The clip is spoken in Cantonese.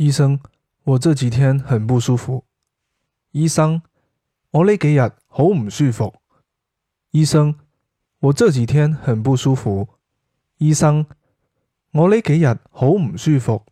醫生，我這幾天很不舒服。醫生，我呢幾日好唔舒服。醫生，我這幾天很不舒服。醫生，我呢幾日好唔舒服。